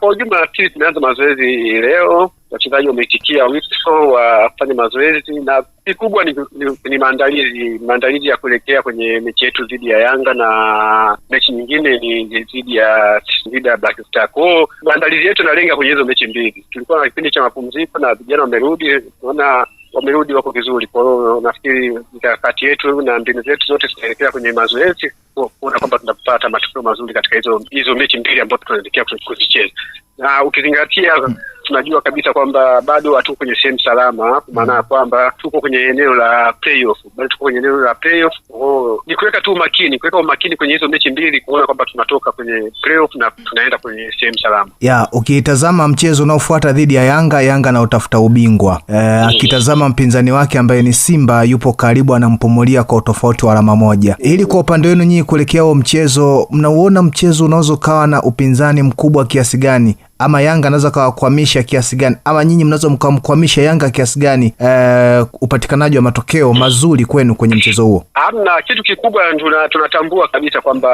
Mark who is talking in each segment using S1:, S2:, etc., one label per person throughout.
S1: Kwa ujumla nafikiri tumeanza mazoezi leo, wachezaji wameitikia wito wafanye mazoezi, na kikubwa ni, ni, ni maandalizi maandalizi ya kuelekea kwenye mechi yetu dhidi ya Yanga na mechi nyingine ni dhidi ya dhidi ya Black Star. Kwao maandalizi yetu yanalenga kwenye hizo mechi mbili. Tulikuwa na kipindi cha mapumziko na vijana wamerudi, tunaona wamerudi wako vizuri. Kwa hiyo nafikiri mikakati yetu na mbinu zetu zote zinaelekea kwenye mazoezi kuona kwamba tunapata matokeo mazuri katika hizo hizo mechi mbili ambazo tunaelekea kuzicheza, na ukizingatia hmm tunajua kabisa kwamba bado hatuko kwenye sehemu salama, kwa maana ya mm. kwamba tuko kwenye eneo la playoff, bado tuko kwenye eneo la playoff. Oh, ni kuweka tu umakini, kuweka umakini kwenye hizo mechi mbili, kuona kwamba tunatoka kwenye playoff na tunaenda kwenye sehemu salama
S2: ya ukitazama. Okay, mchezo unaofuata dhidi ya Yanga, Yanga anaotafuta ubingwa eh, mm. akitazama e, mpinzani wake ambaye ni Simba yupo karibu, anampumulia kwa utofauti wa alama moja. Ili kwa upande wenu nyinyi kuelekea huo mchezo, mnauona mchezo unaweza ukawa na upinzani mkubwa kiasi gani ama Yanga anaweza kawakwamisha kiasi gani, ama nyinyi mnaweza mkamkwamisha Yanga kiasi gani e, upatikanaji wa matokeo mazuri kwenu kwenye mchezo huo?
S1: Hamna kitu kikubwa, tunatambua kabisa kwamba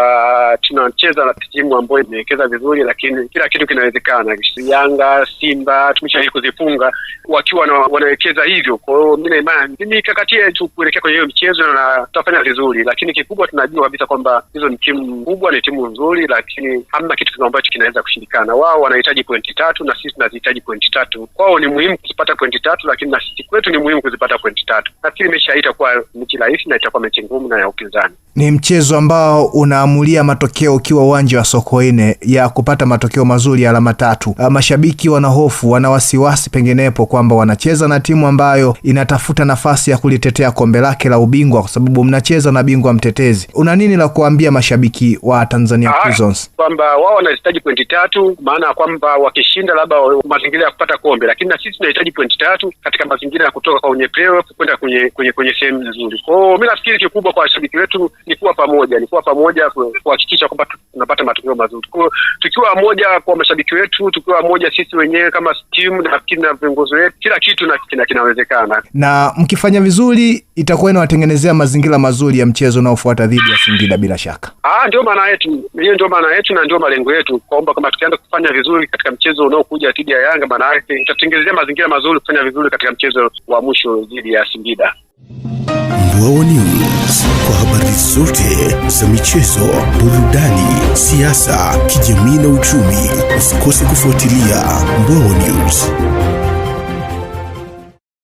S1: ah, tunacheza na timu ambayo imewekeza vizuri, lakini kila kitu kinawezekana. Yanga, Simba tumeshawai kuzifunga wakiwa wanawekeza hivyo. Kwa mi mimi ni mikakati yetu kuelekea kwenye hiyo mchezo na tutafanya vizuri, lakini kikubwa tunajua kabisa kwamba hizo ni timu kubwa, ni timu nzuri, lakini hamna kitu ambacho kinaweza kushindikana. Wao wanahitaji wanahitaji pointi tatu na sisi tunazihitaji pointi tatu. Kwao ni muhimu kuzipata pointi tatu, lakini na sisi kwetu ni muhimu kuzipata pointi tatu. nafkiri mechi hii itakuwa mechi rahisi na itakuwa mechi ngumu na ya upinzani.
S2: Ni mchezo ambao unaamulia matokeo ukiwa uwanja wa Sokoine ya kupata matokeo mazuri ya alama tatu. Ah, mashabiki wana hofu, wana wasiwasi penginepo kwamba wanacheza na timu ambayo inatafuta nafasi ya kulitetea kombe lake la ubingwa, kwa sababu mnacheza na bingwa mtetezi. Una nini la kuambia mashabiki wa Tanzania Prisons?
S1: Kwamba wao wanahitaji pointi tatu, maana kwamba kwamba wakishinda labda mazingira ya kupata kombe, lakini na sisi tunahitaji pointi tatu katika mazingira ya kutoka kwenye playoff kwenda kwenye kwenye kwenye sehemu nzuri. Kwao mi nafikiri kikubwa kwa washabiki wetu ni kuwa pamoja, ni kuwa pamoja kuhakikisha kwamba tunapata matokeo mazuri. Kwao tukiwa moja kwa mashabiki wetu, tukiwa moja sisi wenyewe kama timu, nafikiri na viongozi wetu, kila kitu na kinawezekana.
S2: Na mkifanya vizuri itakuwa inawatengenezea mazingira mazuri ya mchezo unaofuata dhidi ya Singida bila shaka.
S1: Ah, ndio maana yetu, hiyo ndio maana yetu na ndio malengo yetu, kwamba kama tukianza kufanya vizuri katika mchezo unaokuja dhidi ya Yanga, maana yake itatengenezea mazingira mazuri kufanya vizuri katika mchezo wa mwisho dhidi ya Singida. Mbwawa News, kwa habari zote za michezo, burudani, siasa, kijamii na uchumi, usikose kufuatilia Mbwawa News.